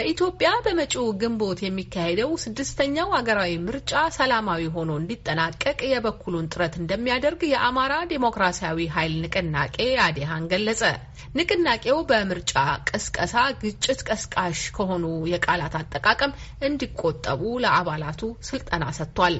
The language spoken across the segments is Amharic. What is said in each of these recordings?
በኢትዮጵያ በመጪው ግንቦት የሚካሄደው ስድስተኛው ሀገራዊ ምርጫ ሰላማዊ ሆኖ እንዲጠናቀቅ የበኩሉን ጥረት እንደሚያደርግ የአማራ ዴሞክራሲያዊ ኃይል ንቅናቄ አዴሃን ገለጸ። ንቅናቄው በምርጫ ቅስቀሳ ግጭት ቀስቃሽ ከሆኑ የቃላት አጠቃቀም እንዲቆጠቡ ለአባላቱ ስልጠና ሰጥቷል።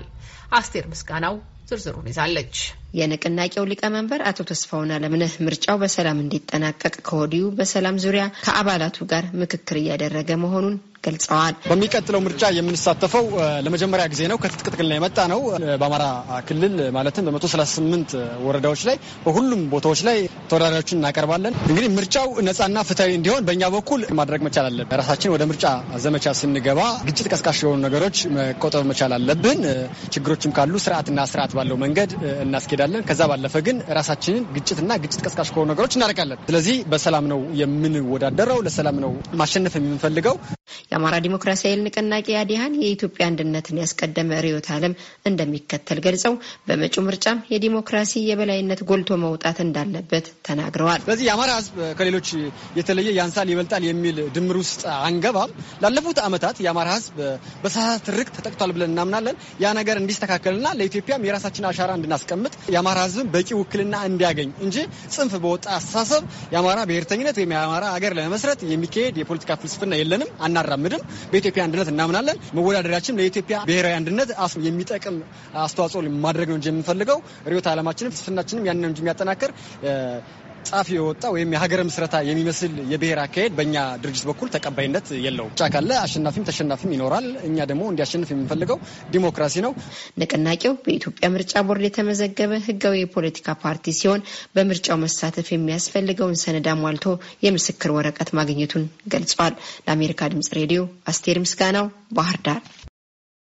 አስቴር ምስጋናው ዝርዝሩን ይዛለች። የንቅናቄው ሊቀመንበር አቶ ተስፋውን አለምነህ ምርጫው በሰላም እንዲጠናቀቅ ከወዲሁ በሰላም ዙሪያ ከአባላቱ ጋር ምክክር እያደረገ መሆኑን ገልጸዋል። በሚቀጥለው ምርጫ የምንሳተፈው ለመጀመሪያ ጊዜ ነው። ከትጥቅ ትግል የመጣ ነው። በአማራ ክልል ማለትም በ138 ወረዳዎች ላይ በሁሉም ቦታዎች ላይ ተወዳዳሪዎችን እናቀርባለን። እንግዲህ ምርጫው ነጻና ፍትሐዊ እንዲሆን በእኛ በኩል ማድረግ መቻል አለብን። ራሳችን ወደ ምርጫ ዘመቻ ስንገባ ግጭት ቀስቃሽ የሆኑ ነገሮች መቆጠብ መቻል አለብን። ችግሮችም ካሉ ስርዓትና ስርዓት ባለው መንገድ እናስኬዳለን። ከዛ ባለፈ ግን ራሳችንን ግጭትና ግጭት ቀስቃሽ ከሆኑ ነገሮች እናደርጋለን። ስለዚህ በሰላም ነው የምንወዳደረው፣ ለሰላም ነው ማሸነፍ የምንፈልገው። የአማራ ዲሞክራሲያዊ ኃይል ንቅናቄ አዲሃን የኢትዮጵያ አንድነትን ያስቀደመ ርዕዮተ ዓለም እንደሚከተል ገልጸው በመጪው ምርጫም የዲሞክራሲ የበላይነት ጎልቶ መውጣት እንዳለበት ተናግረዋል። በዚህ የአማራ ህዝብ ከሌሎች የተለየ ያንሳል፣ ይበልጣል የሚል ድምር ውስጥ አንገባም። ላለፉት አመታት የአማራ ህዝብ በሳት ትርክ ተጠቅቷል ብለን እናምናለን። ያ ነገር እንዲስተካከልና ለኢትዮጵያም የራሳችን አሻራ እንድናስቀምጥ የአማራ ህዝብን በቂ ውክልና እንዲያገኝ እንጂ ጽንፍ በወጣ አስተሳሰብ የአማራ ብሔርተኝነት ወይም የአማራ ሀገር ለመመስረት የሚካሄድ የፖለቲካ ፍልስፍና የለንም አናራም አናራምድም። በኢትዮጵያ አንድነት እናምናለን። መወዳደሪያችን ለኢትዮጵያ ብሔራዊ አንድነት የሚጠቅም አስተዋጽኦ ማድረግ ነው እንጂ የምንፈልገው ርዕዮተ ዓላማችንም ስፍናችንም ያንን እንጂ የሚያጠናክር ጫፍ የወጣ ወይም የሀገር ምስረታ የሚመስል የብሔር አካሄድ በእኛ ድርጅት በኩል ተቀባይነት የለውም። ጫ ካለ አሸናፊም ተሸናፊም ይኖራል። እኛ ደግሞ እንዲያሸንፍ የምንፈልገው ዲሞክራሲ ነው። ንቅናቄው በኢትዮጵያ ምርጫ ቦርድ የተመዘገበ ህጋዊ የፖለቲካ ፓርቲ ሲሆን በምርጫው መሳተፍ የሚያስፈልገውን ሰነድ አሟልቶ የምስክር ወረቀት ማግኘቱን ገልጿል። ለአሜሪካ ድምጽ ሬዲዮ አስቴር ምስጋናው ባህር ዳር